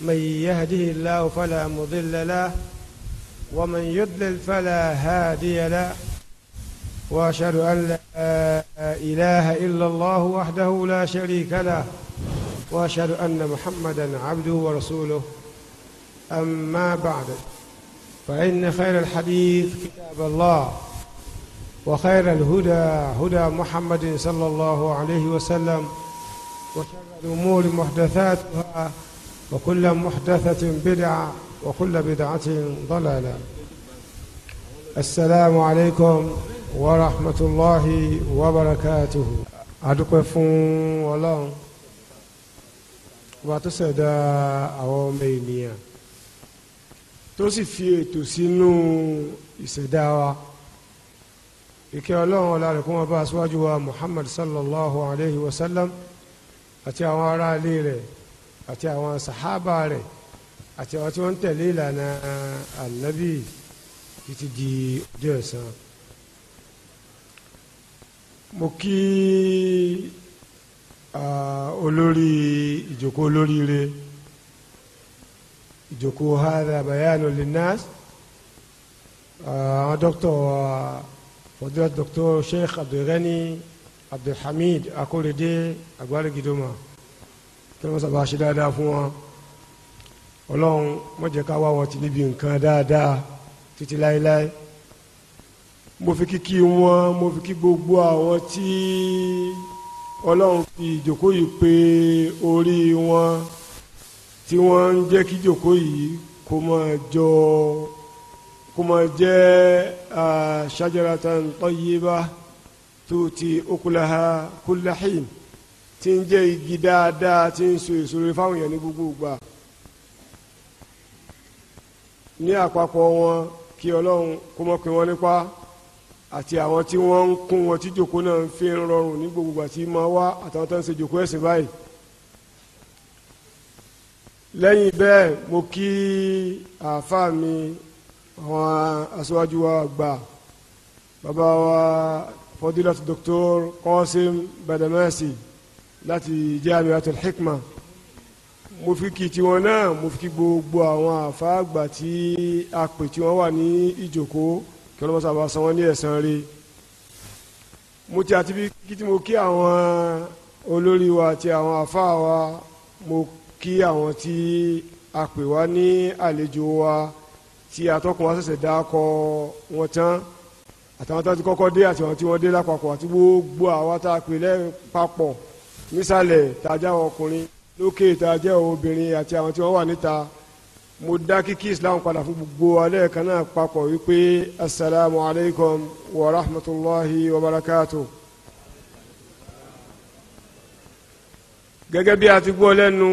من يهده الله فلا مضل له ومن يضلل فلا هادي له واشهد ان لا اله الا الله وحده لا شريك له واشهد ان محمدا عبده ورسوله اما بعد فان خير الحديث كتاب الله وخير الهدى هدى محمد صلى الله عليه وسلم وشر الامور محدثاتها وكل محدثة بدعة وكل بدعة ضلالة السلام عليكم ورحمة الله وبركاته adúpẹ́ fún ọlọ́run ọba tó ṣẹ̀dá àwọn ọmọ ènìyàn tó sì fi ètò sínú ìṣẹ̀dá wa ìkẹ́ ọlọ́run ọlá rẹ̀ kó wọn bá aṣáájú wa muhammad sallallahu alayhi wa sallam àti àwọn ará ilé rẹ̀ àti àwọn sàhábà rẹ̀ àti àwọn tí wọ́n ń tẹ̀lé ìlànà ànábì títí di ọjọ́ ẹ̀san. mo kí olórí ìjòkó olóríire ìjòkó hadha bayanu linnas àwọn dókítà wa fọdúrà dókítà sheikh abdulghani abdulhamid akórèdé agbárí tọ́lọ́mọ sábà ṣe dáadáa fún wọn ọlọ́run má jẹ́ ká wá wọn ti níbi nǹkan dáadáa títí láéláé mo fi kíkí wọn mo fi kí gbogbo àwọn tí ọlọ́run fi ìjókòó yìí pé orí wọn tí wọ́n ń jẹ́ kí ìjókòó yìí kó máa jọ kó máa jẹ́ shajaratan tayyiba tuti ukulaha kulla hin tí ń jẹ́ igi dáadáa tí ń so èso rere fáwọn èèyàn ní gbogbo ìgbà ní àpapọ̀ wọn kí ọlọ́run kó mọ̀ pé wọ́n nípa àti àwọn tí wọ́n ń kún wọn tí jòkó náà ń fi ń rọrùn ní gbogbo ìgbà tí máa wá àtàwọn tó ń ṣe jòkó ẹ̀sìn báyìí. lẹ́yìn bẹ́ẹ̀ mo kí àáfàá mi àwọn aṣáájú wa gbà bàbá wa fọdílà tó Dr. Qasim Badamasi láti Jami'atul Hikma mo fi kì tiwọn náà mo fi kí gbogbo àwọn àfáàgbà tí a pè tí wọ́n wà ní ìjòkó kí ọlọ́mọ sábà san wọ́n ní ẹ̀san rẹ̀ mo ti àti bí kí tí mo kí àwọn olórí wa àti àwọn àfáà wa mo kí àwọn tí a pè wá ní àlejò wa tí atọ́kùn wa ṣẹ̀ṣẹ̀ dá kọ wọn tán àtàwọn tó ti kọ́kọ́ dé àti àwọn tí wọ́n dé lápapọ̀ àti gbogbo àwa tá a pè lẹ́yìn papọ̀ nísàlẹ̀ tàjà ọkùnrin lókè tàjà obìnrin àti àwọn tí wọ́n wà níta mo dá kíkí islam padà fún gbogbo alẹ́ kan náà papọ̀ wípé asalaamu alaykum wa rahmatulahi wa barakatu. gẹ́gẹ́ bí a ti gbọ́ lẹ́nu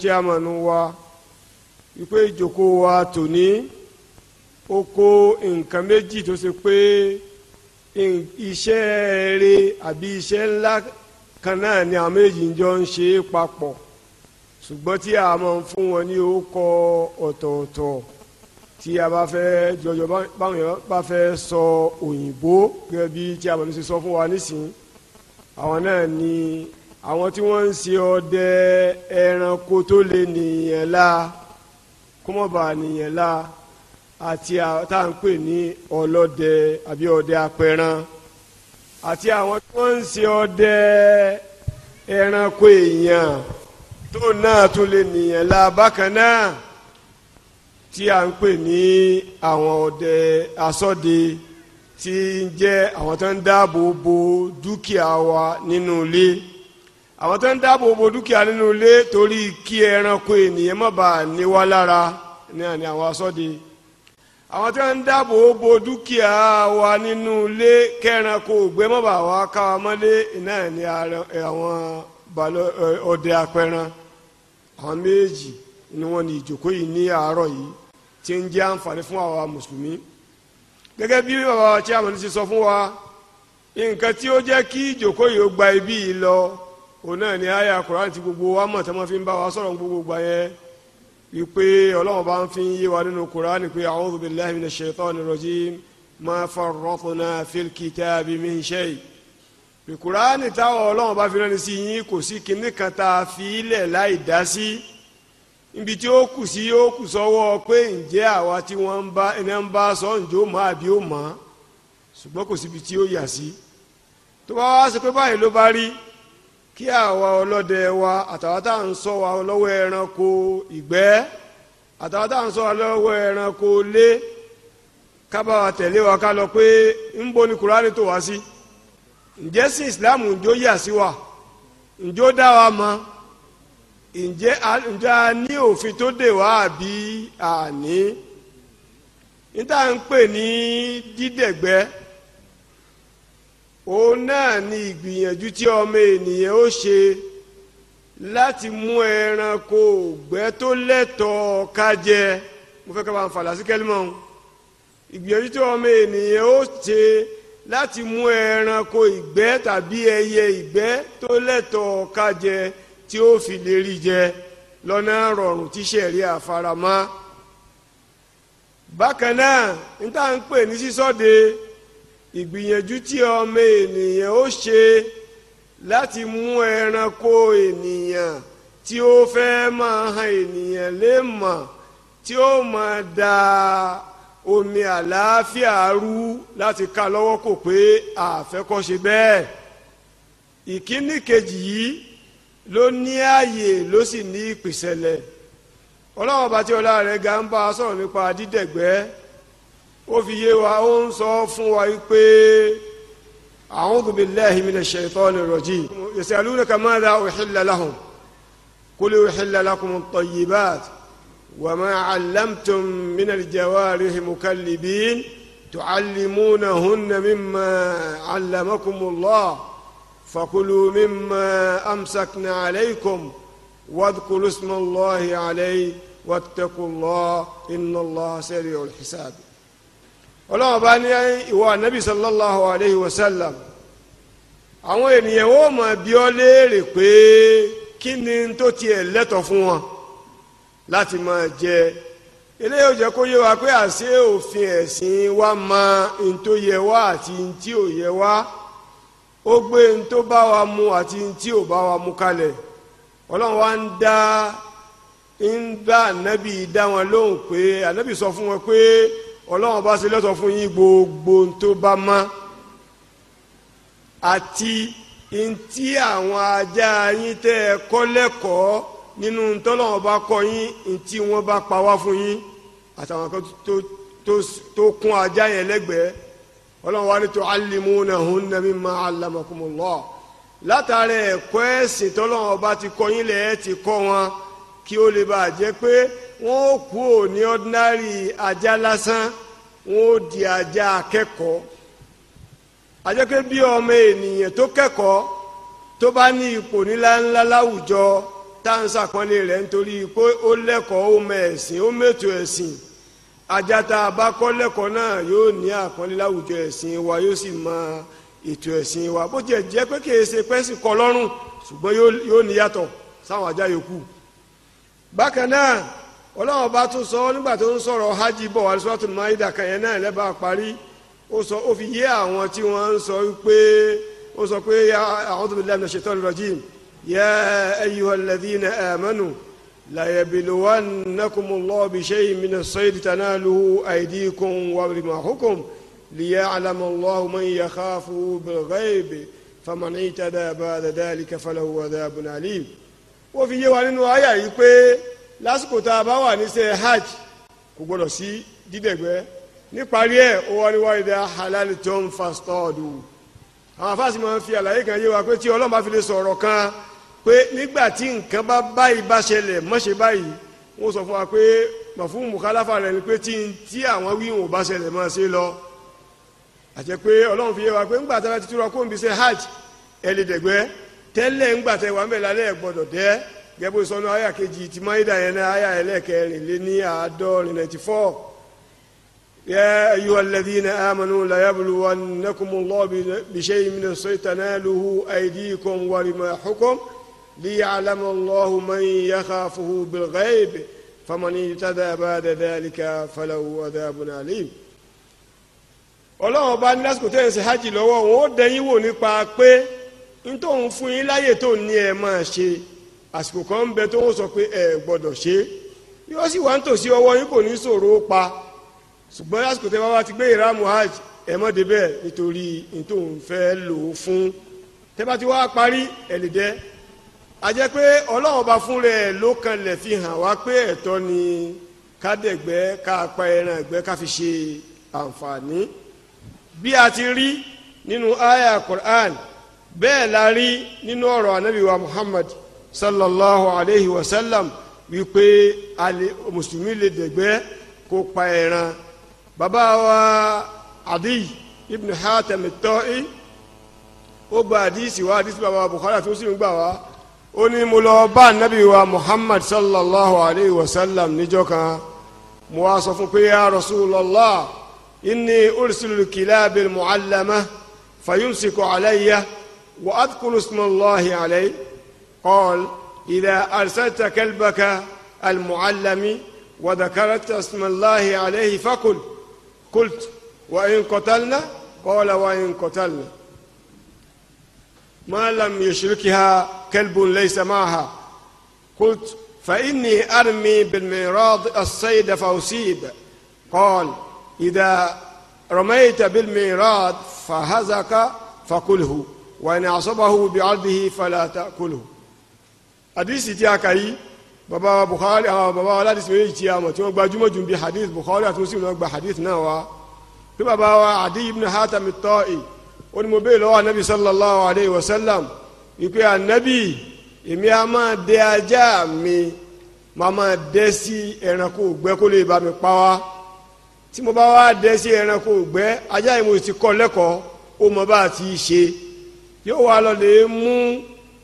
chairman wa wípé ìjókòó wa tòní ó kó nǹkan méjì tó ṣe pé iṣẹ́ rere àbí iṣẹ́ ńlá kan náà ni àwọn méjì jọ ń ṣe é papọ̀ ṣùgbọ́n tí a máa ń fún wọn ní orúkọ ọ̀tọ̀ọ̀tọ̀ tí a bá fẹ́ jọjọ báwọn yẹn bá fẹ́ sọ òyìnbó gẹ́gẹ́ bí tí a máa ń ṣe sọ fún wa nísìnyí àwọn náà ni àwọn tí wọ́n ń ṣe ọdẹ ẹranko tó lè nìyẹn la kó nìyẹn la àti àtàǹpè ní ọlọ́dẹ àbí ọdẹ apẹran àti àwọn tí wọ́n ń ṣe ọdẹ ẹranko èèyàn tó náà tún lè nìyẹn la bákan náà tí à ń pè ní àwọn ọdẹ asọ́de tí ń jẹ́ àwọn tó ń dáàbò bo dúkìá wa nínú ilé àwọn tó ń dáàbò bo dúkìá nínú ilé torí kí ẹranko ènìyàn má bàa ní wá lára náà ni àwọn asọ́de àwọn tí wọ́n ń dáàbò bo dúkìá wa nínú ilé kẹranko ògbé mọ́bà wa káwa mọ́lé iná ẹ̀ ní àwọn ọdẹ apẹran àwọn méjì ni wọ́n ní ìjókòó yìí ní àárọ̀ yìí tí ń jẹ́ àǹfààní fún àwa mùsùlùmí gẹ́gẹ́ bí bàbá wa tí àmọ́ ní ti sọ fún wa nǹkan tí ó jẹ́ kí ìjókòó yìí ó gba ibi yìí lọ òun náà ni àyà Kùránì tí gbogbo wa mọ̀ tí wọ́n fi ń bá wa sọ̀rọ̀ gbogbo gbà yẹn wípé ọlọ́run bá ń fi yé wa nínú kuraani pé a'udhu billahi minash shaitani rajim ma farratna fil kitabi min shay kuraani táwọn ọlọ́run bá fi rẹ́ni sí yín kò sí kinní kan tá a fi ilẹ̀ láì dá sí níbi tí ó kù sí ó kù sọ́wọ́ pé ǹjẹ́ àwa tí wọ́n ń bá sọ ǹjẹ́ ó àbí ó mọ̀ ṣùgbọ́n kò síbi tí ó yà sí tó bá wá sí pé báyìí ló bá rí. kí àwa ọlọ́dẹ wa àtàwọn tá à ń sọ wa lọ́wọ́ ẹranko ìgbẹ́ àtàwọn tá à ń sọ wa lọ́wọ́ ẹranko lé kábà wa tẹ̀lé wa ká lọ pé ń bo ni kúránì tó wá sí ǹjẹ́ sí ìsìláàmù ǹjọ́ yà sí wa ǹjọ́ dá wa mọ́ ǹjẹ́ a ní òfin tó dè wá àbí àní níta ń pè ní dídẹ̀gbẹ́ òun náà ni ìgbìyànjú tí ọmọ ènìyàn ó ṣe láti mú ẹranko ògbẹ́ tó lẹ́tọ̀ọ́ ká jẹ mo fẹ́ ká bá ń fàlà sí kẹ́lí mọ́ ìgbìyànjú tí ọmọ ènìyàn ó ṣe láti mú ẹranko ìgbẹ́ tàbí ẹyẹ ìgbẹ́ tó lẹ́tọ̀ọ́ ká jẹ tí ó fi lè rí jẹ lọ́nà rọrùn tí sẹ̀rí àfaramá bákan náà n ń pè ní sísọ́de. So ìgbìyànjú tí ọmọ ènìyàn ó ṣe láti mú ẹranko ènìyàn tí ó fẹ́ máa han ènìyàn lé mọ̀ tí ó máa da omi àlàáfíà rú láti ká lọ́wọ́ kò pé àfẹ́kọ́ṣe bẹ́ẹ̀ ìkíní kejì yìí ló ní ààyè ló sì ní ìpìsẹ̀lẹ̀ ọlọ́run bá tí ọlá rẹ̀ ga ń bá a sọ̀rọ̀ nípa dídẹ̀gbẹ́ ó fi yé wa ó ń sɔ fún wa yi pé a'udhu billahi minash shaitanir rajim yasalunaka madha uhilla lahum qul uhilla lakumut tayyibat wa ma 'allamtum minal jawarihi mukallibin تعلمونهن مما علمكم الله فكلوا مما أمسكنا عليكم واذكروا اسم الله عليه واتقوا الله إن الله سريع الحساب ọlọ́run bá ní ìwọ ànábì sallallahu alayhi wa sallam àwọn ènìyàn ó mọ̀ bi ọ́ léèrè pé kí ni tó tiẹ̀ lẹ́tọ̀ fún wọn láti mọ̀ jẹ eléyìí ó jẹ́ kó yé wa pé àṣé òfin ẹ̀sìn wa ma ń tó yẹ wá àti ń tí ò yẹ wá ó gbé ń tó bá wa mu àti ń tí ò bá mu kalẹ̀ ọlọ́run wa ń dá ń bá dá wọn ọlọ́run bá ṣe lẹ́tọ̀ fún yín gbogbo tó bá mọ́ àti ntí àwọn ajá yín tẹ́ ẹ kọ́ lẹ́kọ̀ọ́ nínú ntọ́lọ́run bá kọ́ yín ntí wọ́n bá pa wá fún yín àtàwọn kan tó kún ajá yẹn lẹ́gbẹ̀ẹ́ ọlọ́run wá ní tu'allimunahunna mimma 'allamakumullah látàrí ẹ̀kọ́ ẹ̀sìn tọ́lọ́run bá ti kọ́ yín lẹ́ẹ̀ ti kọ́ wọn kí ó lè bàa jẹ́ pé wọn ò kú ò ní ordinary ajá lásán wọn ò di ajá akẹ́kọ̀ọ́ ajẹ́pẹ́ bí ọmọ ènìyàn tó kẹ́kọ̀ọ́ tó bá ní ipò níláńlá láwùjọ tá à ń sàpọ́nlé rẹ̀ nítorí pé ó lẹ́kọ̀ọ́ ó mọ ẹ̀sìn ó mẹ́tò ẹ̀sìn ajá tá a bá kọ́ lẹ́kọ̀ọ́ náà yóò ní àpọ́nlé láwùjọ ẹ̀sìn wa yóò sì máa ètò ẹ̀sìn wa bó tiẹ̀ jẹ́ pé kì í ṣe pẹ́sì kọ lọ́rùn ṣùgbọ́n yóò níyàtọ̀ sáwọn ajá yòókù. bákan náà ọlọ́run ọba tún sọ nígbà tó ń sọ̀rọ̀ hajj bọ̀ wá suratul maida kan yẹn náà lẹ́bàá parí ó sọ ó fi yé àwọn tí wọ́n ń sọ pé ó sọ pé a'udhu billahi minash shaitanir rajim ya ayyuhal ladhina amanu la yabluwannakumullahu bishay'in minash saydi tanaluhu aydikum wa rimahukum liya'lamallahu man yakhafuhu bil ghaibi faman itada ba'da dhalika falahu adhabun alim ó fi yé wa nínú àyà yìí pé lásìkò tá a bá wà níṣẹ́ hajj kò gbọdọ̀ sí dídẹ̀gbẹ́ níparí ẹ̀ ó wá ní wáyé halal tó ń àwọn afáàsì máa ń fi àlàyé kan yé wa pé tí ọlọ́run bá fi lè sọ̀rọ̀ kan pé nígbà tí nǹkan bá báyìí bá ṣẹlẹ̀ má ṣe báyìí wọ́n sọ fún wa pé mọ̀fún mùkálàfà rẹ̀ ni pé tí tí àwọn wíwọ̀n bá ṣẹlẹ̀ máa ṣe lọ àti pé ọlọ́run fi yé wa pé ńgbà tí a bá ti túra kó ń bí ṣe hajj ẹ̀ lè dẹ̀gbẹ́ tẹ́lẹ̀ ńgbà tẹ́ wà ń bẹ̀ lálẹ́ ẹ̀ gbọ́dọ̀ dẹ́ gẹ́gbó sọnù àyà kejì tí máyídà yẹn náà àyà ẹlẹ́kẹrin lé ní àádọ́rin ninety four yẹ ayu alladhina amanu layabluwannakumullahu bishay'in min as-sayf tanaluhu aydikum wa rimahukum liya'lamallahu man yakhafuhu bil-ghayb faman ihtada ba'da dhalika falahu alim ọlọ́run ọba ní lásìkò tẹ́ ẹ̀ ń hajj lọ́wọ́ òun ó dẹ́yìn wò nípa pé ń fún yín láyè tó ní ẹ̀ máa ṣe àsìkò kan ń bẹ tó ń sọ pé ẹ gbọ́dọ̀ ṣe é yóò sì wá ń tòsí ọwọ́ yín kò ní ṣòro pa ṣùgbọ́n lásìkò tẹ́ bá ti gbé ìramu hajj ẹ mọ́ débẹ̀ nítorí nítòun fẹ́ lò ó fún tẹ́ bá ti wá parí ẹ̀ lè dẹ́ a jẹ́ pé ọlọ́run bá fún rẹ̀ ló kanlẹ̀ fi hàn wá pé ẹ̀tọ́ ni kádẹ̀gbẹ́ ká pa ẹran ẹ̀gbẹ́ ká fi ṣe àǹfààní bí a ti rí nínú aya Qur'an bẹ́ẹ̀ la rí nínú ọ̀rọ̀ anabi Muhammad sallallahu alayhi wa sallam wípé mùsùlùmí lè dẹ̀gbẹ́ kó pa ẹran bàbá wa adi ibn hatem tọ́í ó gba àdísì wa àdísì bàbá bukhari sì ń gbà wá ó ní mo lọ bá anabi wa muhammad sallallahu alayhi wa sallam níjọ́ kan mo wá sọ fún pé ya rasulallah inni ursilu kilabil mu'allama fayumsiku alayya wa adkuru ismallahi alayhi. قال إذا أرسلت كلبك المعلم وذكرت اسم الله عليه فقل قلت وإن قتلنا قال وإن قتلنا ما لم يشركها كلب ليس معها قلت فإني أرمي بالميراض الصيد فأصيب قال إذا رميت بالميراض فهزك فكله وإن أعصبه بعرضه فلا تأكله hadisi tí a kà yìí baba bukhari àwọn baba wa aládìsí méjì tí a mọ̀ tí wọ́n gbajúmọ̀ jù bí hadith bukhari àti muslim náà gba hadith náà wa pé baba wa adi ibn hatam at-ta'i ó ní mo béèrè lọ́wọ́ anabi sallallahu alayhi wa sallam ìpè anabi èmi a máa dẹ ajá mi màá máa dẹ sí ẹranko ògbẹ́ kó lè bá mi pa wá tí mo bá wá dẹ sí ẹranko ògbẹ́ ajá yìí mo ti kọ́ lẹ́kọ̀ọ́ ó mọ bá a ti ṣe yóò wá lọ lè mú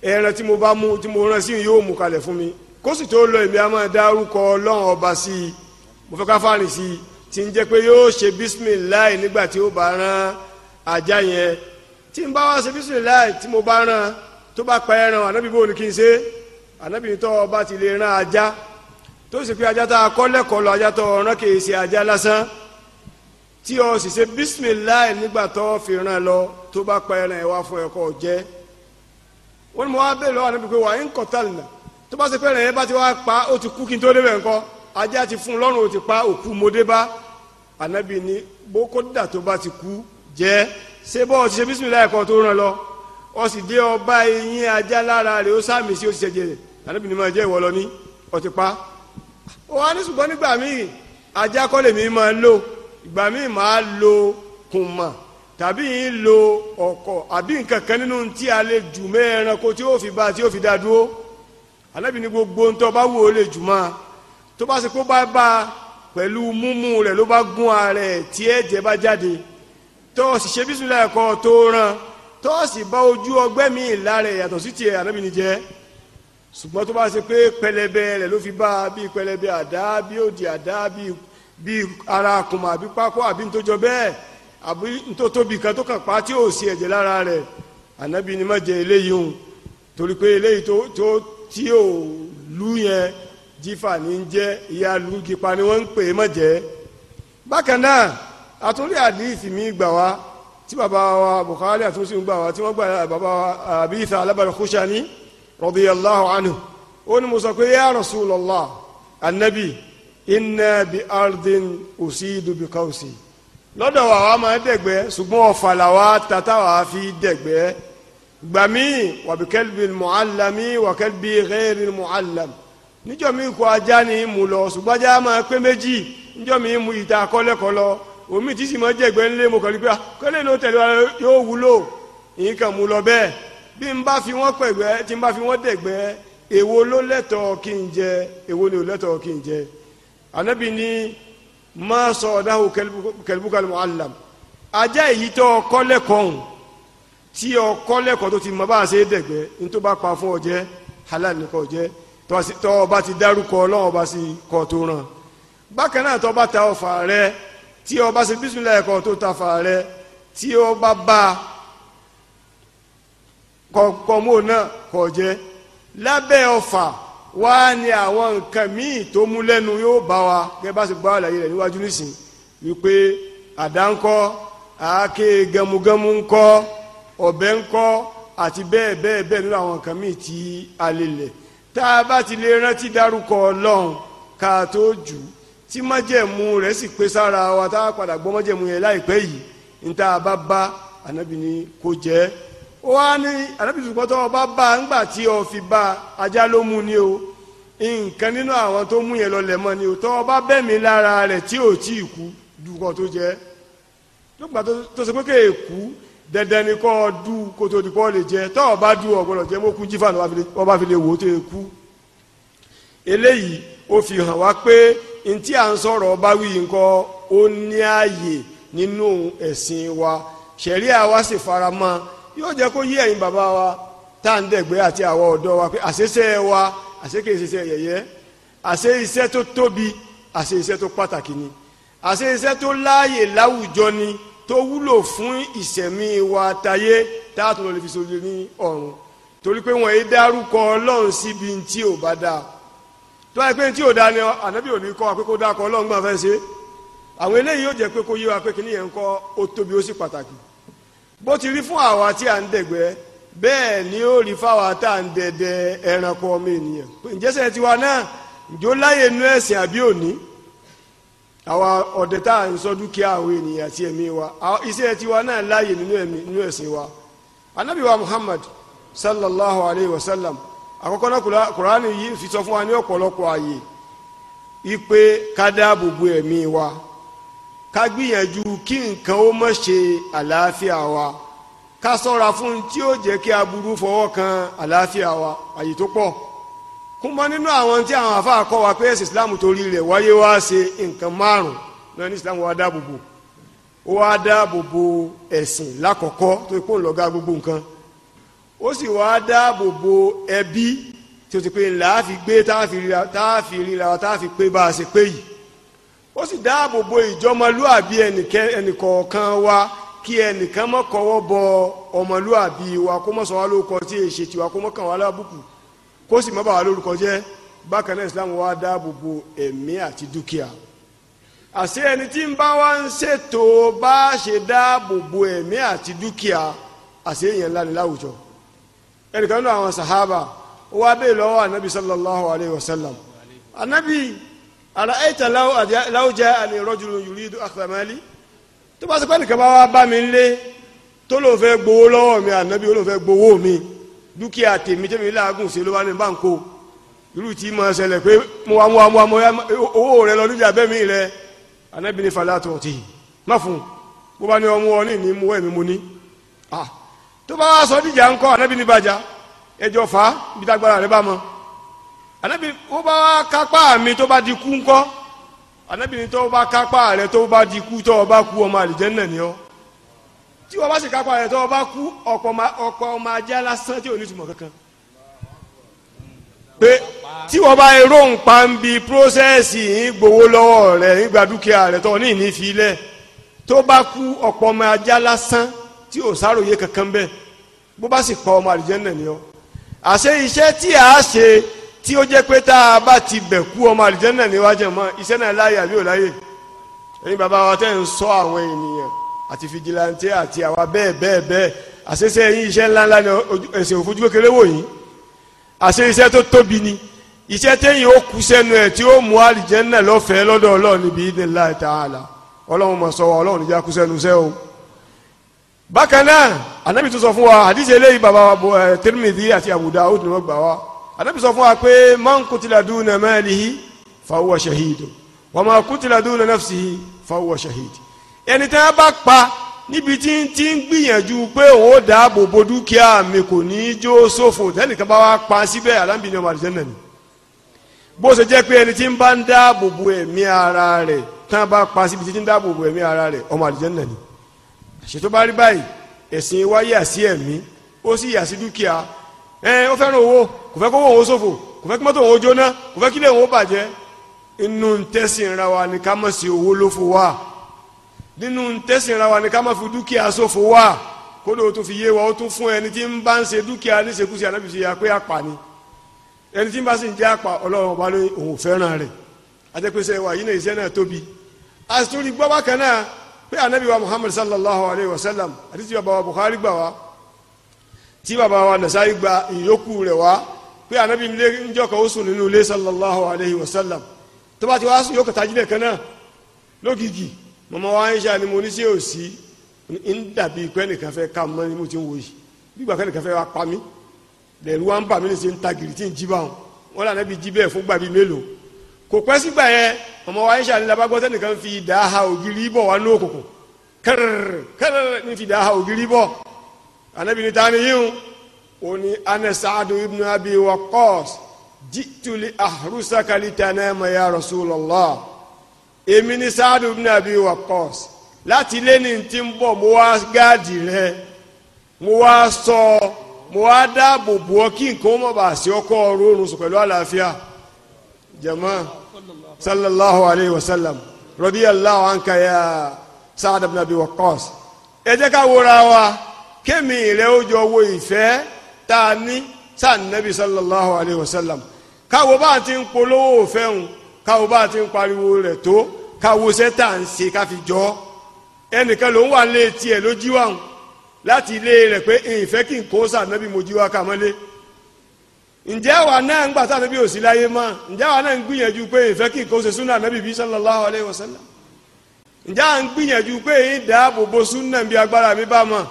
ẹran tí mo bá mú tí mo rán sí yóò mú kalẹ̀ fún mi kó sì tó lọ èmi a máa dárúkọ ọlọ́run ọba sí i mo fẹ́ ká fáàrin sí i tí ń jẹ́ pé yóò ṣe bísímìláì nígbà tí ó bá rán ajá yẹn tí n bá wá ṣe bísímìláì tí mo bá rán tó bá pa ẹran ànábì bò ní kí n ṣe ànábì tó ọba ti lè rán ajá tó sì pé ajá tá a kọ́ lẹ́kọ̀ọ́ lọ ajá tó ọ̀rán kì í ṣe ajá lásán tí o sì ṣe bísímìláì nígbà tó fi rán lọ tó bá pa ẹran ẹ̀ wá fún ẹ̀kọ́ jẹ́ wọ́n ní mo wá bẹ̀rẹ̀ lọ́wọ́ ànábì pé wà ń kọ̀tàlì nà tó bá ṣe fẹ́ràn yẹn bá ti wá pa ó ti kú kí n tó débẹ̀ ńkọ́ ajá ti fún lọ́rùn ó ti pa òkú modé bá ànábì ní bókó dà tó bá ti kú jẹ́ ṣé bọ́ọ̀ ti ṣe bísímìlá ẹ̀kọ́ tó ràn lọ ọ sì dé ọba eyín ajá lára rẹ̀ ó sàmì sí ó ti ànábì ní máa jẹ́ ìwọ lọ ní ọ ti pa ó wá ní ṣùgbọ́n nígbà míì ajá kọ́ mi máa lò ìgbà míì máa lo kùmà tàbí ń lo ọ̀kọ̀ àbí nǹkan kan nínú tí a lè jù mọ́ ẹranko tí ó fi bá tí ó fi dá dúró alábì ní gbogbo ń tọ́ bá wò ó lè jù mọ́ a tó bá ṣe kó bá bá a pẹ̀lú múmú rẹ̀ ló bá gún ara ẹ̀ tí ẹ̀jẹ̀ bá jáde tó sì ṣe bísúlẹ̀ ẹ̀kọ́ tó ràn tó sì bá ojú ọgbẹ́ mi lára ẹ̀ sí tiẹ̀ alábì ní jẹ́ ṣùgbọ́n tó bá ṣe pé pẹlẹbẹ rẹ̀ ló fi bá a pẹlẹbẹ àdá bíi òdì àdá bíi ara àkùnmọ̀ àbí pákó àbí nítòjọ bẹ́ẹ̀ àbí ntótóbi kan tó kàn pa tí ò sí ẹ̀jẹ̀ lára rẹ̀ ànábì ni má jẹ eléyìí hùn torí pé eléyìí tó tó tí ò lú yẹn jífà ní ń jẹ́ ìyá lùgìpa ni wọ́n ń pè é má jẹ́ bákan náà àtúndì àdìsí mi gbà wá tí bàbá wa Bukhari àtúnṣe ń gbà wá tí wọ́n gbà bàbá wa àbíyíta alábàárẹ̀ Khushani radiyallahu anhu ó ní mo sọ pé yá Rasulullah anabi inna bi ardin usidu bi kausi. lọ́dọ̀ wa wa máa dẹ̀gbẹ́ ṣùgbọ́n ọ̀fàlà wa tata wa fi dẹ̀gbẹ́ gbàmí wàbíkẹ́lbi mọ̀álàmí wàkẹ́lbi rẹ́ẹ̀rì mọ̀álàm níjọ́ mi kọ́ ajá ni mú lọ ṣùgbọ́n ajá máa pé méjì níjọ́ mi mú ìta kọ́lẹ́kọ́lọ́ omi máa dẹ̀gbẹ́ mo pé ah, kọ́lẹ́ tẹ̀lé wa yóò wúlò fi wọ́n pẹ̀gbẹ́ tí n bá fi wọ́n dẹ̀gbẹ́ èwo ma sọọdahu kẹlbukal mu'allam ajá èyí tó kọ́lé kọ́hún tí ọ kọ́lé kọ́ tó ti mọ bá a ṣe é dẹ̀gbẹ́ nítorí bá pa fún ọ jẹ́ halal nìkan jẹ́ tọ́ ọ bá ti dárúkọ ọlọ́run ọba sí kọ́ tó ràn bákan náà tọ́ bá ta ọfà rẹ tí ọ bá ṣe bísúnlẹ̀ kọ́ tó ta fà rẹ tí ọ bá bá kọ́ náà kọ́ jẹ́ lábẹ́ ọfà wá ní àwọn nǹkan míì tó mú lẹ́nu yóò bá wa kẹ́ bá sì gbọ́ àlàyé rẹ̀ níwájú nísìn wípé àdá ńkọ́ àáké gẹmugẹmu ńkọ́ ọ̀bẹ ńkọ́ àti bẹ́ẹ̀ bẹ́ẹ̀ bẹ́ẹ̀ nínú àwọn nǹkan míì tí a lè lẹ̀ tá a bá ti lè rántí dárúkọ ọlọ́run ká a tó jù tí májẹ̀mú rẹ̀ sì pé sára wa tá a padà gbọ́ májẹ̀mú yẹn láìpẹ́ yìí ní tá a bá bá ànábì kó jẹ́ ó wá ní anábìsùpọ̀ tó ọba bá a ńgbà tí ọ fi bá a ajá ló mú ni o nǹkan nínú àwọn tó mú yẹn lọlẹ̀ mọ́ ni o tó ọba bẹ́mi lára rẹ̀ tí ò tí ì kú dùkọ̀ tó jẹ́ lópa tó ṣe pé kò èkú dandan ni kò du kótó dùkọ̀ lè jẹ tó ọba du ọ̀gbọ́dọ̀ jẹ́ mọ́ kú jífà ní ọba fi lè wò ó tó èkú eléyìí ó fi hàn wá pé ntí à ń sọ̀rọ̀ ọba wí nǹkan ó ní ààyè nínú ẹ̀sìn wa ṣẹ̀ríà wa sì fara mọ́ ọ yóò jẹ́ kó yí ẹ̀yin bàbá wa tá à ń dẹ̀gbẹ́ àti àwa ọ̀dọ́ wa pé àṣeṣe wa àṣe kì í ṣiṣẹ́ yẹ̀yẹ́ àṣe iṣẹ́ tó tóbi àṣe iṣẹ́ tó pàtàkì ni àṣe iṣẹ́ tó láàyè láwùjọ ni tó wúlò fún ìṣẹ̀mí wa tayé tá a tún lọ lè fi ṣojú ní ọ̀run torí pé wọ́n yé dárúkọ ọlọ́run síbi tí ò bá dáa tó wáyé pé tí ò dáa ni ànábì ò ní kọ́ wa pé kó dáa kọ́ ṣe àwọn eléyìí yóò jẹ́ pé kó yé wa pé kíní yẹn ń kọ́ ó tóbi ó sì pàtàkì bó ti rí fún àwa tí à ń dẹ̀gbẹ́ bẹ́ẹ̀ ni ó rí fáwa tá ń ẹranko ọmọ ènìyàn ìjẹsẹ̀ tiwa náà ìjó láyé inú ẹ̀sìn àbí òní àwa ọ̀dẹ tá à ń sọ dúkìá àwọn ènìyàn wa iṣẹ́ tiwa náà láyé wa muhammad sallallahu alayhi wa sallam àkọ́kọ́ náà kùránì yìí fi sọ fún wa ní ọ̀pọ̀lọpọ̀ ipe kádàbùbù ẹ̀mí wa. ká gbìyànjú kí nǹkan ó mọ̀ ṣe àlàáfíà wa ká sọ́ra fún tí ó jẹ́ kí aburú fọwọ́ kan àlàáfíà wa àyè tó pọ̀ kúmọ́ nínú àwọn tí àwọn àfa kọ́ wa pé ẹ̀sìn islam torí rẹ̀ wáyé wá ṣe nǹkan márùn náà ní islam wa dáàbò bò ó wá dáàbò bò ẹ̀sìn lákọ̀ọ́kọ́ tó kó ń lọ́gá gbogbo nǹkan ó sì wá dáàbò bò ẹbí tí ó ti pé ńlá fi gbé táàfi ríra táàfi pé bá a ṣe pé yìí ó sì dáàbò bo ìjọmọlúàbí ẹnìkọ̀ọ̀kan wa kí ẹnìkan bọ ọmọlúàbí wa kó má sọ lórúkọ tí èṣe tiwa kó má kàn wá lábùkù kó sì má bà lórúkọ jẹ́ bákan náà Islam wa dáàbò bo ẹ̀mí àti dúkìá àṣẹ ẹni tí ń bá wa ń ṣètò bá ṣe dáàbò bo ẹ̀mí àti dúkìá èèyàn ńlá ni sallallahu alayhi wa sallam Anabi. araita láwùjá àní rọ́jùlù yuridu akramali tó bá sọ pé nìkan bá wá mi lé tó ló mi anabi ó ló mi dúkìá tèmi tèmi láàgùn sí ló bá ní báńkò irú tí mo ṣẹlẹ̀ pé mo wá mo rẹ mi rẹ ànábì ní falẹ́ àtọ̀ tì má fún bó bá ní ọmọ ọ̀ní ní mo anabi ó bá wá kápá mi tó bá di kú ńkọ́ anabi ni tó bá kápá rẹ tó bá di kú tó o bá kú ọmọ àlìjẹ́nà ni ọ́ tí wọ́n bá sì kápá rẹ tó o bá kú ọ̀pọ̀ ọmọ ajá lásán tí ò ní túmọ̀ kankan pé tí wọ́n bá eró nǹpa ń bi prósẹ́sì yìí gbowó lọ́wọ́ rẹ̀ nígbà dúkìá rẹ̀ tó ní ìnífilẹ̀ tó bá kú ọ̀pọ̀ ọmọ ajá lásán tí ò sáròyé kankan bẹ́ẹ̀ bó bá sì pa ọmọ àlìjẹ́nà ni ọ́ àṣẹ iṣẹ́ tí a ṣe tí ó jẹ́ pé tá a bá ti bẹ̀ kú ọmọ àlìjẹ́nà níwájú mọ́ iṣẹ́ náà láyè àbí ò láyè ẹ̀yin bàbá wa tẹ́ ń sọ àwọn ènìyàn àti fìjìláńtẹ́ àti àwa bẹ́ẹ̀ bẹ́ẹ̀ bẹ́ẹ̀ àṣeṣe ẹ̀yin iṣẹ́ ńláńlá ni ẹ̀sìn òfojú kékeré wò yín àṣe iṣẹ́ tó tóbi ni iṣẹ́ tẹ́yìn ó kú sẹ́nu ẹ̀ tí ó mú àlìjẹ́nà lọ́fẹ̀ẹ́ lọ́dọ̀ ọlọ́run níbi ìdílá ta'ala wa anabi sọ fún wa pé man kutila duna malihi fahuwa shahidu wa ma kutila nafsihi fahuwa shahidu ẹni tí wọ́n bá pa níbi tí ń ti ń gbìyànjú pé òun ó dáàbò bo dúkìá mi kò ní í jó sófò tẹnìkan bá wá pa síbẹ̀ alábì ní ọmọ àdìsẹ́ náà ni bó ṣe jẹ́ pé ẹni tí ń bá ń dáàbò bo ẹ̀mí ara rẹ̀ tán bá pa síbi tí ń dáàbò bo ẹ̀mí ara rẹ̀ ọmọ àdìsẹ́ náà ni ṣètò bá rí báyìí ẹ̀sìn wa yà sí ẹ̀mí ó sì yà sí dúkìá ẹ̀ ó fẹ́ràn owó kò fẹ́ kó wọ́n ṣòfò kò fẹ́ kí mọ́tò wọn jóná kò fẹ́ kí lè wọn bàjẹ́ inú ntẹ́sìn wa ni ká má ṣe owó lófo wa nínú ntẹ́sìn wa ni ká má fi dúkìá ṣòfò wa kódò tó fi yé wa ó tún fún ẹni tí ń bá ń ṣe dúkìá níṣekúṣe ànábìṣe yà pé àpà ni ẹni tí ń bá sì ń jẹ́ àpà ọlọ́run ọba ló òun fẹ́ràn rẹ̀ àtẹ́pẹ́sẹ́ wa yìí náà iṣẹ́ náà tóbi àtúntò gbọ́ bákan náà pé anabi wa muhammad sallallahu alayhi wa sallam àti tí baba wa bukhari gbà wá tí baba wa nasa'i gba ìyókù rẹ̀ wá pé anabi ilé ńjọ́ kan ó sùn nínú ilé sallallahu alayhi wa sallam tó bá ti wá sùn yóò kàtà jílẹ̀ kan náà lógìkì mọ̀mọ́ wa ń ṣe àni mo ní sí òsì ń dàbí pé nìkan fẹ́ ká mọ́ ni mo ti ń wò yìí bí gbàgbé fẹ́ wá pa mí lẹ́rú wa ń bà mí ní ṣe ń ta gìrì tí ń jí báwọn wọn lànà bí jí bẹ́ẹ̀ fún gbà bíi mélòó kò pẹ́ sígbà yẹn mọ̀mọ́ wa ń ṣe àni labá gbọ́tẹ́ fi ìdá ha ògiri bọ̀ wá ní òkùnkùn kẹrẹrẹ ní fi ìdá ha ògiri bọ̀ ànábì ní ta ni yíyún ó ní ana saadu ibnu abi waqas jitu li ahrusaka litanama ya rasulallah èmi ní saadu ibnu abi waqas láti lé ní ti ń bọ̀ mo wá gáàdì rẹ mo wá sọ mo wá dáàbò bò ọ kí nǹkan ó mọ̀ bá sí ọkọ ọrùn sùn pẹ̀lú àlàáfíà jama sallallahu alayhi wa sallam radiyallahu anka ya saadu ibnu abi waqas ẹ jẹ́ ká wòra wa kémi rẹ̀ ó jọ wo ìfẹ́ tá a Nabi sallallahu alayhi wa sallam káwo bá ti ń polówó òfẹ́hùn káwo bá ti ń pariwo rẹ̀ tó káwo sẹ́tà ń ṣe káfi jọ ọ́ ẹnìkan ló ń wà lé tiẹ̀ ló jí wàhùn láti ilé rẹ̀ pé ìfẹ́ kí n kó sànẹ́bí mo jí wá kà mọ́lé ǹjẹ́ wa náà ń gbà sànẹ́bí ò sí láyé mọ́ ǹjẹ́ wa náà ń gbìyànjú pé ìfẹ́ kí n kó ṣe súnà nẹ́bí bí sallallahu alayhi wa sallam ǹjẹ́ à ń gbìyànjú pé ìdáàbòbò súnà bí agbára mi bá mọ́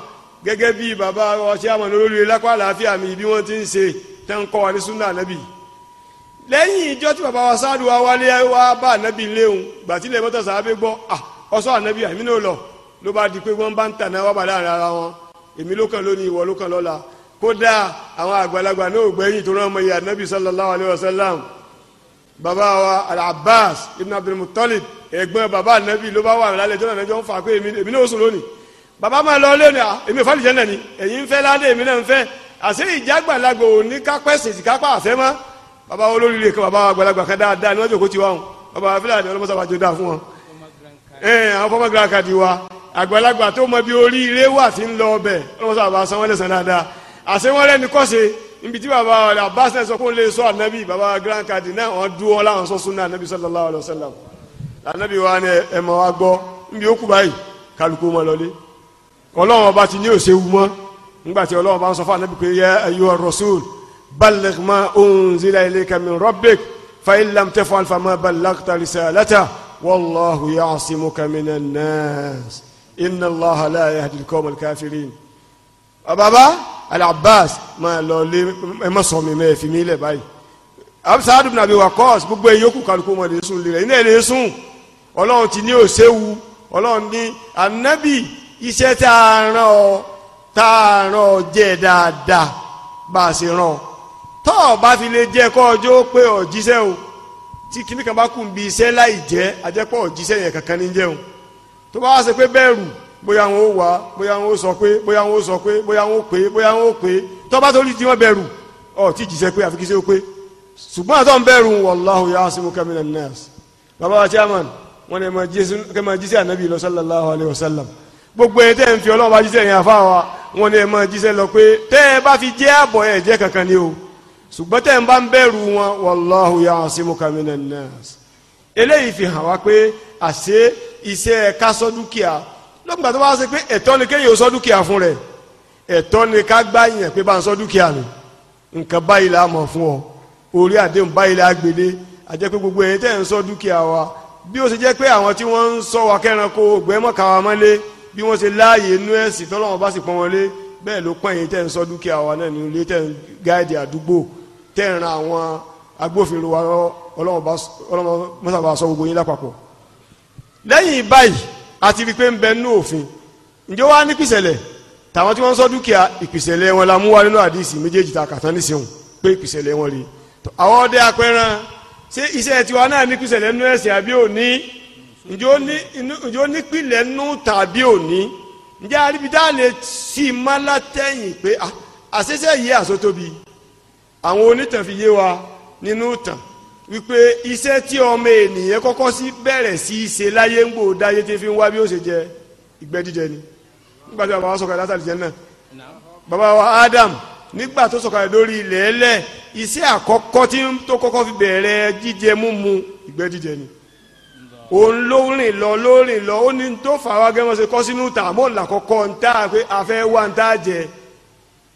gẹ́gẹ́ bí bàbá ọṣẹ́ àmọ́ olórí lápá àlàáfíà mi bí wọ́n ti ń ṣe tẹ́ ń kọ́ wa ní súnà ànábì lẹ́yìn ìjọ tí bàbá wa sáàdù wa wálé wa bá ànábì léhùn gbàtí lè mọ́tò sàábé gbọ́ à ọsọ ànábì àmì náà lọ ló bá di pé wọ́n bá ń tàná wà bàdá ara wọn èmi ló kàn lónìí ìwọ ló kàn lọ́la kódà àwọn àgbàlagbà náà gbẹ̀yìn tó rán ọmọ yìí ànábì sallallahu alayhi wa sallam bàbá wa al-abbas ibn abdul muttalib baba bàbá ànábì ló bá wà lálẹ́ tó náà jọ ń fà pé èmi náà sùn lónìí baba ma lọ lé ní à èmi ò fàlìjẹ́ nfe ni ẹ̀yin ń fẹ́ ládé èmi náà ń fẹ́ àṣé ìjàgbàlagbà ò ní kápẹ́ sèṣì kápá àfẹ́ baba bàbá olóríire kan bàbá àgbàlagbà kan dáadáa ni wọ́n jòkó tiwa hàn bàbá fúlàní dáa fún wọn. àwọn fọmọ wa àgbàlagbà tó mọ bí oríire wà fi ń lọ ọbẹ̀ ọlọ́mọsàwájú sanwó lẹ́sàn dáadáa àṣé wọ́n rẹ́ni kọ́sẹ̀ níbi tí bàbá Abbas sọ pé lè sọ ànábì bàbá grand card náà láwọn sọ sallallahu anabi wa ọlọ́run ọba ti ní òṣèwú mọ́ nígbà tí ọlọ́run bá ń sọ fún anábì pé yẹ ayyuha rasul balligh ma unzila ilayka min rabbik fa in lam taf'al fama ballaghta risalata wallahu ya'simuka minan nas inna allaha la yahdi al-qawma al-kafirin. Ah, bàbá al-abbas máa lọ lé ẹ má sọ mi mẹ́ ẹ fi mí lẹ̀ báyìí abisadu bin abi wakọs gbogbo eyi yòókù kálukú mọ̀ lè sùn lè rẹ̀ ọlọ́run ti ní òṣèwú ọlọ́run ní anábì iṣẹ́ tá a ọ tá a rán ọ jẹ́ dáadáa bá a ṣe ọ tọ́ ọ bá fi lè jẹ́ kọ́ ọjọ́ pé ọ jíṣẹ́ o tí kinní kan bá kù ń bi iṣẹ́ láì jẹ́ ọ yẹn kankan ní jẹun tó bá wá ṣe pé bẹ́ẹ̀rù bóyá wọn ó wá bóyá wọn ó sọ pé bóyá bá ọ tí jíṣẹ́ pé àfi kí ṣe ó pé ṣùgbọ́n àtọ́ ń bẹ̀rù bàbá wa chairman wọn ni jíṣẹ́ ànábì lọ alayhi wa gbogbo ẹ tẹ́ ń fi ọlọ́run bá jíṣẹ́ yẹn àfa wa wọn ni ẹ máa jíṣẹ́ lọ pé tẹ́ ẹ bá fi jẹ́ àbọ̀ ẹ jẹ́ kankan ni o ṣùgbọ́n tẹ́ ń bá ń bẹ̀rù wọn wallahu ya'simuka minan nas eléyìí fi hàn wá pé àṣé iṣẹ́ ká sọ dúkìá lọ́gbà tó bá ṣe pé ẹ̀tọ́ ni kéèyàn sọ dúkìá fún rẹ̀ ẹ̀tọ́ ni ká gbá yẹn pé bá ń sọ dúkìá mi nǹkan báyìí la mọ̀ fún ọ orí àdéhùn báyìí la gbélé àjẹ́ pé gbogbo ẹ̀yin tẹ́ ń sọ dúkìá wa bí ó ṣe jẹ́ pé àwọn tí wọ́n ń sọ wa kẹ́ranko ògbẹ́mọ̀ká wa mọ́lé bí wọ́n ṣe láàyè inú ẹ̀sìn tọ́lọ́wọ́n bá sì pọ́n wọlé bẹ́ẹ̀ ló pọ́n yín tẹ́ ń ṣọ́ dúkìá wa náà ní ilé tẹ́ ń gáàdì àdúgbò tẹ́ ń ran àwọn agbófinró wa ọlọ́wọ́n mọ́sàbà sọ gbogbo yín lápapọ̀. lẹ́yìn báyìí àti rí pé ń bẹ nínú òfin ǹjẹ́ wàá ní pìṣẹ̀lẹ̀ tàwọn tí wọ́n ń ṣọ́ dúkìá ìpìṣẹ̀lẹ̀ wọn la mú wa nínú àdìsí méjèèjì ta kàtán nísìnyìí pé ìpìṣẹ̀lẹ̀ wọn rèé àwọn ọdẹ apẹran ṣé iṣẹ́ tiwa náà ní pìṣẹ̀lẹ̀ nínú ẹ̀sìn àbí òní ǹjẹ́ ni, ní pìlẹ̀ nù tàbí òní ǹjẹ́ àríbidá lè sì má látẹ̀yìn pé àṣẹṣẹ yìí àsótóbi àwọn onítàn fi yé wa nínú ìtàn wípé iṣẹ́ tí ọmọ ènìyàn kọ́kọ́ sí bẹ̀rẹ̀ sí í ṣe láyé ń gbò dáyé tí fi ń wá bí ó jẹ ìgbẹ́ jíjẹ ni nígbà tí wa sọ̀kalẹ̀ látàlí jẹ́ náà bàbá wa Adam nígbà tó sọ̀kalẹ̀ lórí ilẹ̀ ẹlẹ̀ iṣẹ́ àkọ́kọ́ tí tó kọ́kọ́ fi bẹ̀rẹ̀ jíjẹ múmu ìgbẹ́ jíjẹ ni òun ló rìn lọ ló rìn lọ ó ní tó fà wá gẹ́gẹ́ wọn ṣe kọ́ sínú ta àmọ́ làkọ́kọ́ ń tá pé a fẹ́ wá ń tá jẹ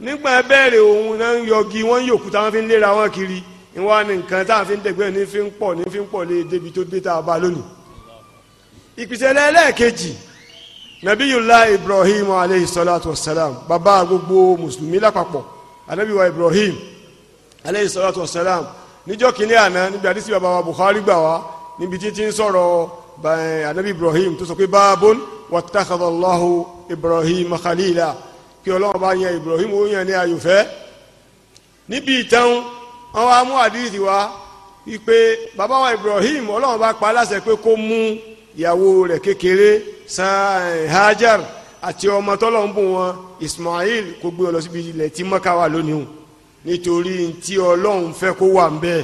nígbà bẹ́ẹ̀rẹ̀ òun náà ń yọgi wọ́n ń yòkúta wọn fi ń léra wọn kiri ìwọ ni nǹkan tá a fi ń dẹ̀gbẹ́ ní fi ń pọ̀ ní fi ń pọ̀ lé débi tó dé tá a bá lónìí. ìpìsẹ̀lẹ̀ ẹlẹ́ẹ̀kejì nabiyullah ibrahim aleyhi salatu wa salam bàbá gbogbo mùsùlùmí lápapọ̀ anabiwa ibrahim aleyhi salatu wa salam níjọ́ kìnìún àná nígbà tí bàbá wa Bukhari gbà wá níbi tí ti ń sọ̀rọ̀ anabi ibrahim tó sọ pé báàbòn wàtàkàdàláhu ibrahim khalila kí ọlọ́run bá yan ibrahim ó yan ní ayòfẹ́ níbi ìtàn wọn wá mú àdìsí wá wípé bàbá wa ibrahim ọlọ́run bá pa aláṣẹ pé kó mú ìyàwó rẹ̀ kékeré hajar àti ọmọ tọ́lọ̀ ń wọn ismail kó gbé ọ lọ síbi ilẹ̀ tí mọ́ká wà lónìí nítorí tí ọlọ́run fẹ́ kó wà ń bẹ́ẹ̀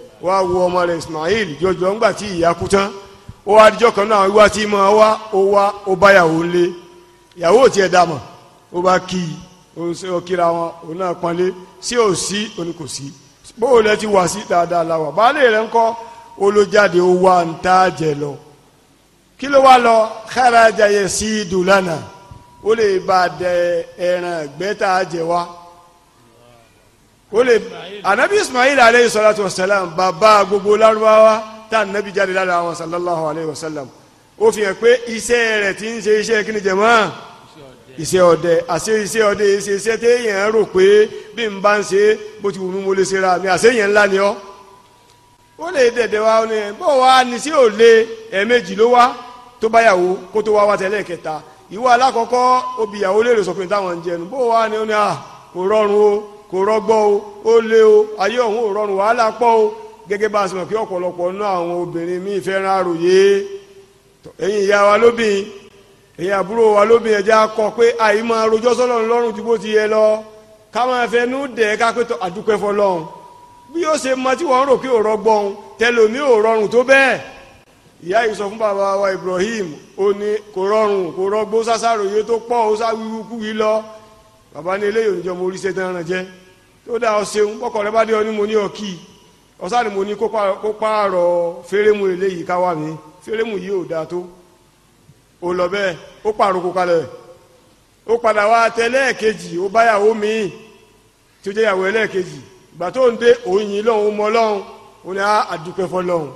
wá wo ọmọ rẹ̀ Ismail jọjọ ńgbà tí ìyá kú tán ó wá adijọ́ kan náà wá tí máa wá ó wá ó bá yàwó ńlé yàwó tiẹ̀ dà mọ̀ ó bá kí i ó kíra wọn òun náà pọ́nlé sí ò sí òní kò sí bóò lẹ ti wà sí dáadáa la wà baálé rẹ̀ ńkọ́ olójáde ó wá ń jẹ lọ kí ló wá lọ kára jẹ yẹ sí dùlánà ó lè bá dẹ ẹran ẹgbẹ́ jẹ wá kó lè anabi ismail aleyhi salatu wa salam bàbá gbogbo larubawa tá anabi jáde lára àwọn sallallahu alayhi wa salam ó fi hàn pé iṣẹ́ rẹ̀ ti ń ṣe iṣẹ́ kí ni jẹ̀mọ́ iṣẹ́ ọdẹ àṣẹ iṣẹ́ ọdẹ iṣẹ́ iṣẹ́ téèyàn rò pé bí n bá ń ṣe bó ti wù mí mo lè ṣe ra mi àṣeyàn ńlá ni ọ́ ó lè dẹ̀dẹ̀ wa ó ní ẹ̀ bó wa ni sí ò lè ẹ̀ẹ̀mejì ló wá tó bá yàwó kó tó wá wá tẹ̀lé kẹta ìwọ alákọ̀ọ́kọ́ obìyàwó lè rò sọ pé táwọn ń jẹnu bó wa ni ó ní à ah, kò rọrùn o kò rọgbọ o ó lé o ayé ọ̀hún ò rọrùn wàhálà pọ̀ o gẹ́gẹ́ bá a sì mọ̀ kí ọ̀pọ̀lọpọ̀ nú àwọn obìnrin míì fẹ́ràn àròyé ẹ̀yin ìyá wa lóbìn ẹ̀yin àbúrò wa lóbìn ẹ̀já akọ pé àyè máa rojọ́ sọ́lọ́run lọ́rùn ju bó ti yẹ lọ ká máa fẹnu dẹ̀ ká pé àdúpẹ́ fọlọ́run bí ṣe mọ tí wọ́n rò ò Ibrahim ó ní kò rọrùn kò rọgbó tó pọ̀ lọ bàbá ní eléyìí tó dáa ọ ṣeun bọ́kọ̀ rẹ bá dé ọ ní mo ní ọkì ọ̀sán ni mo ní kó pààrọ̀ fẹ́rẹ́mù eléyìí ká wà mí fẹ́rẹ́mù yìí ò dáa tó ò lọ bẹ́ẹ̀ ó pààrọ̀ kó kalẹ̀ ó padà wá tẹ́lẹ̀ kejì ó báyàwó mi tí ó jẹ́ ìyàwó ẹlẹ́ẹ̀kejì ìgbà tó ń dé òyìn lọ́hùn ó mọ lọ́hùn ó ní àdúpẹ́ fọlọ́hùn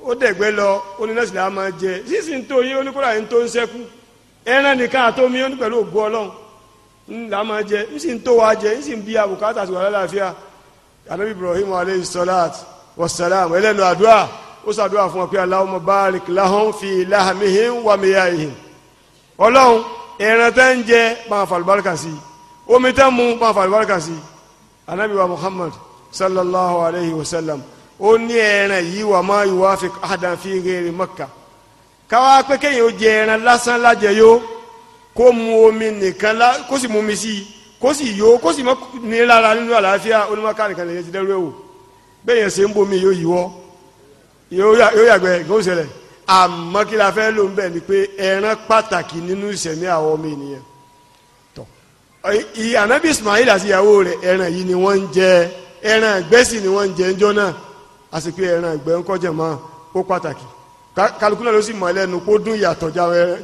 ó dẹ̀gbẹ́ lọ ó ní nọ́ọ̀sì làá máa jẹ sísìn tó ó ní kó ńlá máa jẹ ń sì ń tó wa jẹ ń sì ń bí abùkátà sí wa lálàáfíà anabi ibrahim aleyhi salatu wa salam ẹlẹ́nu àdúrà ó sàdúrà fún wa pé Allahumma barik lahum fi lahamihim wa miyahihim ọlọ́run ẹran tẹ́ ń jẹ máa fa àlùbáríkà sí i omi tẹ́ ń mu máa fa àlùbáríkà sí i anabi wa muhammad sallallahu alayhi wa sallam ó ní ẹran yìí wà máa yuwafiq ahadan fi ghairi makkah káwá pé kéèyàn ó jẹ ẹran lásán lájẹyó. La kó mu omi nìkan la kó sì mu omi sí i kó sì yó kó sì má ní lára nínú àlàáfíà onímọ̀ká nìkan lèyẹ ti dẹ́rú ẹ̀ wò bẹ́ẹ̀ yẹn ṣe ń bomi yóò yíwọ́ yóò yàgbẹ́ kó ṣẹlẹ̀ àmọ́ kí la fẹ́ ló ń bẹ̀ ni pé ẹran pàtàkì nínú ìṣẹ̀mí àwọn ọmọ ènìyàn tọ̀ ànábì Ismail àti ìyàwó rẹ̀ ẹran yìí ni wọ́n ń jẹ ẹran ìgbẹ́sì ni wọ́n ń jẹ ńjọ́ náà àti pé ẹran ìgbẹ́ ńkọ́jẹ̀ mọ́ ó pàtàkì kálukú náà ló sì mọ̀ ẹlẹ́nu kó dún ìyàtọ̀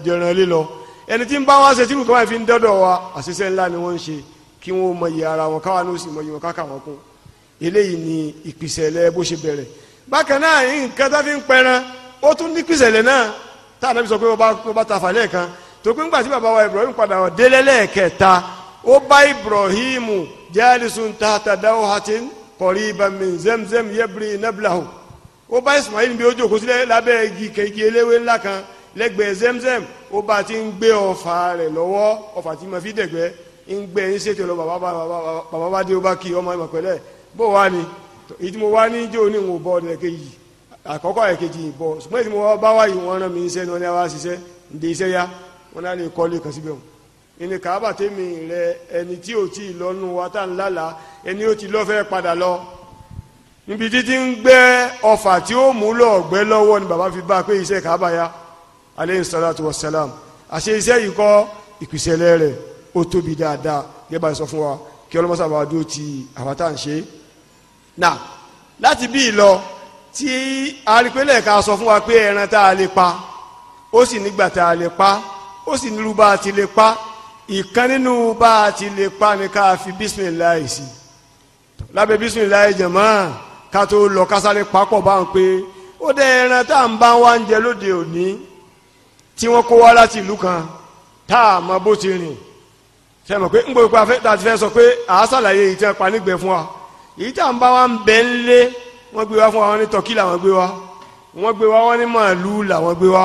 jẹran lílọ ẹni tí ń bá wá ṣe tí nǹkan báyìí fi ń dọ́dọ̀ wa àṣìṣe ńlá ni wọ́n ń ṣe kí wọ́n mọyì ara wọn káwa ní ó sì mọyì wọn káka wọn kún eléyìí ni ìpìsẹ̀lẹ̀ bó ṣe bẹ̀rẹ̀ bákan náà nǹkan tá fi ń pẹran ó tún ní ìpìsẹ̀lẹ̀ náà tá àná sọ pé wọ́n bá tafa lẹ́ẹ̀kan tó pé ńgbà tí bàbá wa Ibrahim padà wọ̀ délé lẹ́ẹ̀kẹta ó bá Ibrahim jalisun tahta dawhatin qariban min zemzem yabri nablahu ó bá Ismail bí ó jókòó sílẹ̀ lábẹ́ igi kẹ̀kẹ́ eléwé ńlá kan lẹ́gbẹ̀ẹ́ zemzem ó bá ti ń gbé ọfà rẹ lọ́wọ́ ọfà tí mo fi dẹ̀gbẹ́ ń gbé ń ṣètò lọ bàbá bá dé ó ọmọ ìmọ̀ pẹ̀lẹ́ bó wá ni èyí mo wá ní jẹ́ òní ìwò bọ́ ọ̀dẹ̀ kejì àkọ́kọ́ ẹ̀ ìbọ̀ ṣùgbọ́n wá bá wọn rán mi iṣẹ́ ní wọn ní ṣiṣẹ́ lè kọ́ lè kàn síbẹ̀ wọn. ìní kàábà aleyhi salatu wa salam àṣẹ iṣẹ́ yìí kọ́ ìpìsẹ̀lẹ̀ rẹ̀ ó tóbi dáadáa gẹ́gẹ́ bá a sọ fún wa kí ọlọ́mọsá bá dúró ti àwọn tá à ń ṣe nà láti bí ìlọ tí arípẹ́lẹ̀ ká sọ fún wa pé ẹran tá a lè pa ó sì nígbà tá a lè pa ó sì nílùú bá a ti lè pa ìkan nínú bá a ti lè pa ni ká fi bísímìláì sí lábẹ́ bísímìláì jẹ̀mọ́ ká tó lọ kásáré papọ̀ bá ń pé ó dẹ ẹran tá à ń bá wa ń jẹ lóde òní tí wọ́n kó wá láti ìlú kan tá a mọ bó ti rìn ṣe mọ̀ pé ńgbò ìpá tá a ti fẹ́ sọ pé àá ṣàlàyé èyí tí wọ́n pa nígbẹ́ fún wa èyí tá à ń bá wa ń bẹ ń lé wọ́n gbé wa fún wa wọ́n ní tọ́kí làwọn gbé wa wọ́n gbé wa wọ́n ní màálù làwọn gbé wa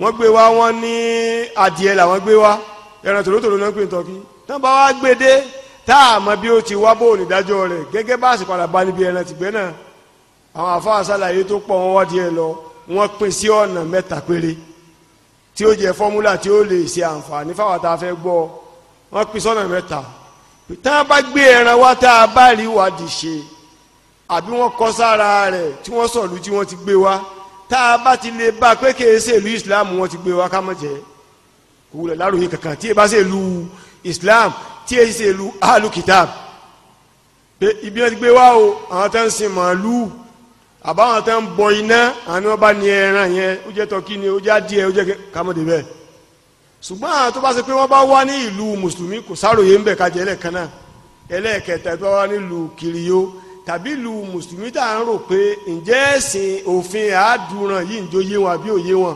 wọ́n gbé wa wọ́n ní adìẹ làwọn gbé wa ẹran tòlótòló náà pè ń tọ́kí náà bá wa gbé dé tá a mọ bí ó ti wá bó onídàájọ́ rẹ̀ gẹ́gẹ́ bá àsìkò àlàbá níbi ẹran tìgbẹ́ náà àwọn àfáà ṣàlàyé tó pọ̀ wọ́n wá díẹ̀ lọ wọ́n pín sí ọ̀nà mẹ́ta péré tí ó jẹ́ fọ́múlà tí ó lè ṣe àǹfààní fáwọn tá a fẹ́ gbọ́ wọ́n pín sọ́nà mẹ́ta tá a bá gbé ẹran wá tá a bá rí ìwádìí ṣe àbí wọ́n kọ́ sára rẹ̀ tí wọ́n sọ̀lú tí wọ́n ti gbé wá tá a bá ti lè bá pé kì í ṣe ìlú Islam wọ́n ti gbé wá ká mọ̀ jẹ́ kò wúlò láròyé kankan tí ì bá ṣe ìlú Islam tí ì ṣe ìlú alukitab ibi wọn ti gbé wá o àwọn tó ń sin màálù àbáwọn tán bọ iná àwọn ni wọn bá ní ẹran yẹn ó jẹ tọkí ni ó jẹ adìẹ ó jẹ kámọdé bẹ́ẹ̀ ṣùgbọ́n àwọn tó bá ṣe pé wọ́n bá wá ní ìlú mùsùlùmí kò sáròyé ń bẹ̀ kájẹ ẹlẹ́ẹ̀kan náà ẹlẹ́ẹ̀kẹta tó bá wá nílùú kiriyó tàbí ìlú mùsùlùmí tá à ń rò pé ǹjẹ́ ẹ̀sìn òfin àádùràn yìí ǹjọ́ yé wọn àbí òye wọn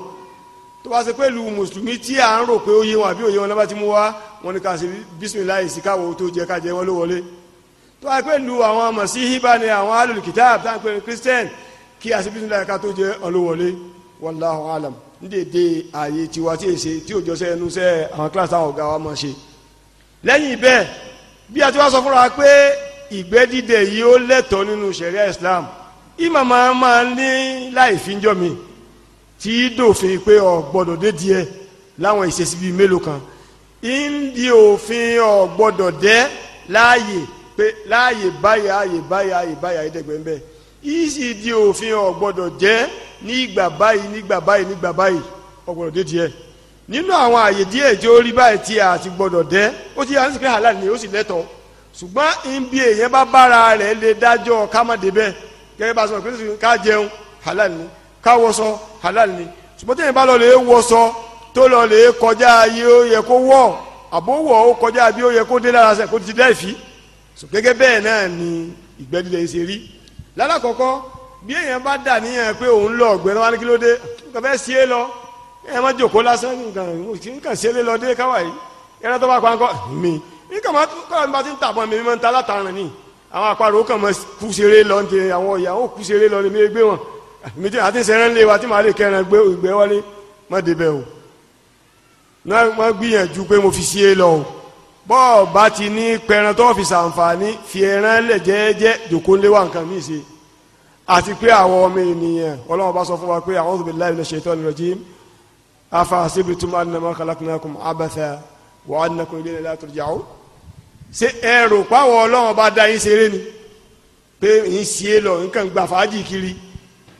tó bá ṣe pé ìlú mùsùlùmí tí à ń rò pé ó yé wọn àbí òye wọn lọ́ba ti mú wá wọn ni ká sí káwọ́ tó wáá pé lu àwọn mọ̀síhíbá ni àwọn alùkìtàb tá à ń pè ní christian kí asibítù náà ká tó jẹ́ ọlọ́wọlé wallahu alam ní dédé ààyè tiwa tí èsè tí òjọ sẹ ẹnu sẹ àwọn kílàsì àwọn ọ̀gá wa máa ṣe lẹ́yìn bẹ́ẹ̀ bí a ti wá sọ fúnra wa pé ìgbẹ́ dídẹ yìí ó lẹ́tọ̀ọ́ nínú ṣẹ̀ríà islam ìmọ̀ máa máa ní láì fi ń jọ mi tí í dòfin pé ọ gbọ́dọ̀ dé díẹ̀ láwọn ìṣesí bíi mélòó kan ń òfin ọ gbọ́dọ̀ dẹ́ láàyè pé láàyè báyìí ààyè báyìí ààyè báyìí àyẹ̀dẹ̀gbẹ̀ ń bẹ̀ ìsì di òfin ò gbọ́dọ̀ jẹ́ ní ìgbà báyìí nígbà báyìí nígbà báyìí ò gbọ́dọ̀ dé tiẹ̀ nínú àwọn àyè díẹ̀ tí ó rí báyìí tí a ti gbọ́dọ̀ dẹ́ ó ti yàrá sípé halal ni ó sì lẹ́tọ̀ọ́ ṣùgbọ́n ibi èèyàn bá bára rẹ̀ lè dájọ́ kámọ́dé bẹ́ẹ̀ gẹ́gẹ́ bá sọ pé ká jẹun halal ni ká wọṣọ halal ni ṣùgbọ́n tí èèyàn bá lọ lè wọṣọ tó lọ lè kọjá ayé ó yẹ kó wọ̀ àbówọ̀ ó kọjá bí ó yẹ kó dé lára sẹ́ kó ti dẹ́ ìfì so gẹ́gẹ́ bẹ́ẹ̀ náà ni ìgbẹ́ dídẹ ṣe rí lálàkọ́kọ́ bí èèyàn bá dà níyàn pé òun lọ ọ̀gbẹ́ náà wá ní kí ló dé nǹkan fẹ́ sí é lọ èèyàn má jòkó lásán nǹkan nǹkan sí é lọ dé káwá yìí ẹran tó bá pa ńkọ́ mi nǹkan máa kọ́ra mi bá ti ń tàbọn mi máa ń ta látàrin ni àwọn àparò kan máa kú seré lọ ní ti àwọn ìyá ó kú seré lọ ní mi gbé wọn mi ti àti sẹ́rẹ́ ńlẹ̀ wa tí màá lè kẹrin gbé ìgbẹ́ wọlé má débẹ̀ o má gbìyànjú pé mo fi sí é lọ o bọ́ọ̀ bá ti ní pẹran tó fi ṣàǹfààní fi ẹran lẹ̀ jẹ́ẹ́jẹ́ jòkó léwà nǹkan míì ṣe àti pé àwọn ọmọ ènìyàn ọlọ́run bá sọ fún wa pé a'udhu billahi minash shaitani rajim afa hasibtum annama khalaqnakum abatha wa annakum ilayna la turja'un. ṣé ẹ rò ọlọ́run bá dá yín ṣeré ni pé yín sí é lọ nǹkan gbà fàájì kiri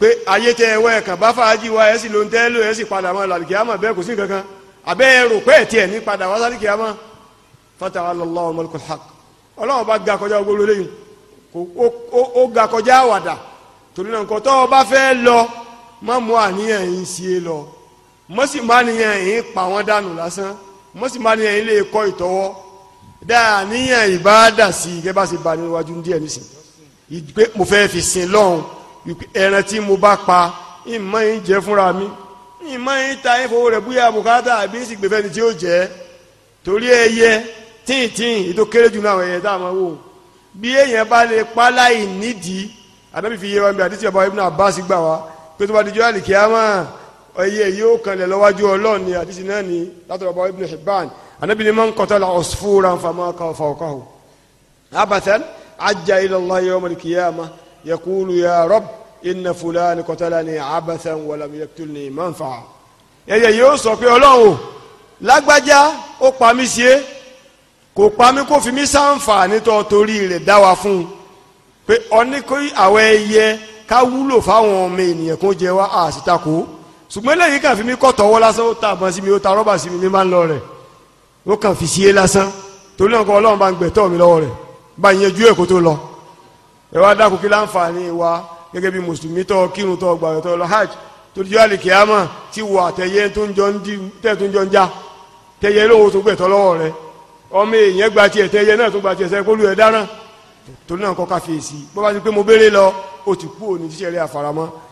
pé ayé tẹ ẹ wá ẹ kàn bá fàájì wá ẹ sì ló ń tẹ́ lò ẹ sì padà mọ́ làlùkìyàmọ̀ bẹ́ẹ̀ kò sí nǹkan kan àbẹ́ ẹ rò pé ẹ̀ tiẹ̀ ní padà wá sálùkìyàmọ̀ fata'ala Allahu malikul haq ọlọ́run bá ga kọjá gbogbo lóyún ó ga kọjá àwàdà torí náà nǹkan tó o bá fẹ́ lọ má mú àníyàn yín sí i lọ mọ́ sì má níyàn yín pa wọ́n dànù lásán mọ́ má níyàn yín lè kọ́ ìtọ́wọ́ dáa níyàn ìbáàdà sí i gẹ́gẹ́ bá ṣe ba níwájú díẹ̀ nísìn ìgbé mo fẹ́ fi sin lọ́hùn ẹran tí mo bá pa ìmọ̀ yín jẹ́ fúnra mi ìmọ̀ yín ta ìfowó rẹ̀ bóyá bùkátà àbí ìsìgbèfẹ́ni tí ó jẹ́ torí ẹyẹ tíntìn ètò kéré jù náà ẹ̀yẹ tá a máa wò bí èèyàn bá lè pa láì nídìí àdàbí fi yé wa níbi àdìsí ọba Ibn Abbas gbà wá pé tó bá dijọ́ àlìkíyàmá ẹyẹ yóò kanlẹ̀ lọ́wájú Ọlọ́run ni àdìsí náà ni látọ̀ ọba Ibn Hibban àdàbí ni man qatala usfuran fama fawqahu abathan ajja ila Allah yawm al-qiyamah yaqulu ya Rabb inna fulan qatalani abathan wa lam yaqtulni manfa'a ẹyẹ yóò sọ pé Ọlọ́run lágbájá ó pa mí sí kò pa mí kó fi mí sáǹfààní tó torí rẹ̀ dá wa fún un pé ọní kó àwọn ẹyẹ ká wúlò fáwọn ọmọ ènìyàn kó jẹ wá àṣìtakò ṣùgbọ́n lẹ́yìn kàn fi mí kọ́ tọ́wọ́ lásán ó ta àbọ̀n sí mi ó ta rọ́bà sí mi mi máa ń lọ rẹ̀ ó kàn fi síé lásán torí náà ọlọ́run bá ń gbẹ̀tọ́ mi lọ́wọ́ rẹ̀ bá ìyẹn ju èkó tó lọ ẹ wá dákun kí láǹfààní wa gẹ́gẹ́ bí mùsùlùmí tó kírun tó gbàgbọ́ tó lọ hajj tó dijọ́ àlìkèyàmọ̀ tí wọ àtẹ̀yẹ tó ń jọ ń já tẹ̀yẹ lówó tó gbẹ̀tọ́ lọ́wọ́ rẹ̀ ọmọ èèyàn gba tiẹ̀ tẹ ẹyẹ náà tó gba tiẹ̀ sẹ́ kó lu ẹ̀ dáná torí náà kọ́ ká fèsì bó bá ti pé mo béèrè lọ ó ti kú òní tíṣẹ́ rẹ̀ àfaramọ́